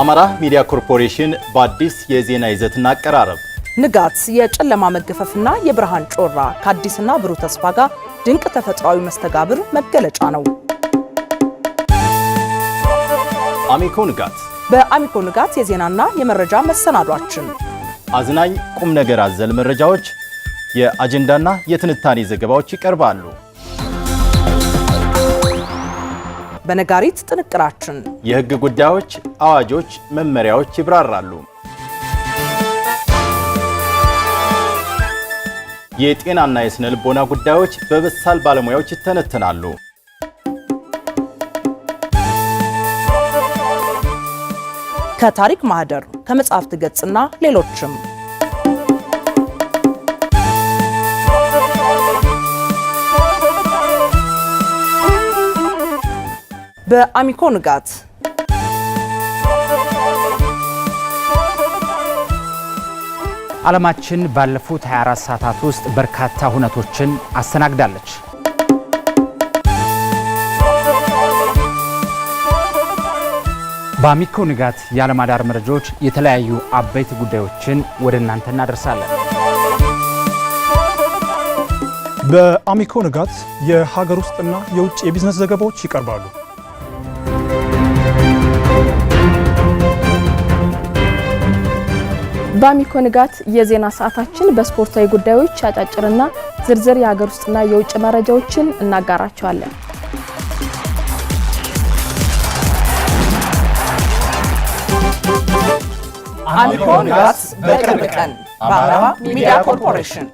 አማራ ሚዲያ ኮርፖሬሽን በአዲስ የዜና ይዘትና አቀራረብ ንጋት፣ የጨለማ መገፈፍና የብርሃን ጮራ ከአዲስና ብሩህ ተስፋ ጋር ድንቅ ተፈጥሯዊ መስተጋብር መገለጫ ነው። አሚኮ ንጋት በአሚኮ ንጋት የዜናና የመረጃ መሰናዷችን አዝናኝ ቁም ነገር አዘል መረጃዎች፣ የአጀንዳና የትንታኔ ዘገባዎች ይቀርባሉ። በነጋሪት ጥንቅራችን የህግ ጉዳዮች፣ አዋጆች፣ መመሪያዎች ይብራራሉ። የጤናና የስነ ልቦና ጉዳዮች በበሳል ባለሙያዎች ይተነትናሉ። ከታሪክ ማህደር ከመጽሐፍት ገጽና ሌሎችም በአሚኮ ንጋት ዓለማችን ባለፉት 24 ሰዓታት ውስጥ በርካታ ሁነቶችን አስተናግዳለች። በአሚኮ ንጋት የዓለም አዳር መረጃዎች የተለያዩ አበይት ጉዳዮችን ወደ እናንተ እናደርሳለን። በአሚኮ ንጋት የሀገር ውስጥና የውጭ የቢዝነስ ዘገባዎች ይቀርባሉ። በአሚኮ ንጋት የዜና ሰዓታችን በስፖርታዊ ጉዳዮች አጫጭርና ዝርዝር የሀገር ውስጥና የውጭ መረጃዎችን እናጋራቸዋለን። አሚኮ ንጋት በቅርብ ቀን በአማራ ሚዲያ ኮርፖሬሽን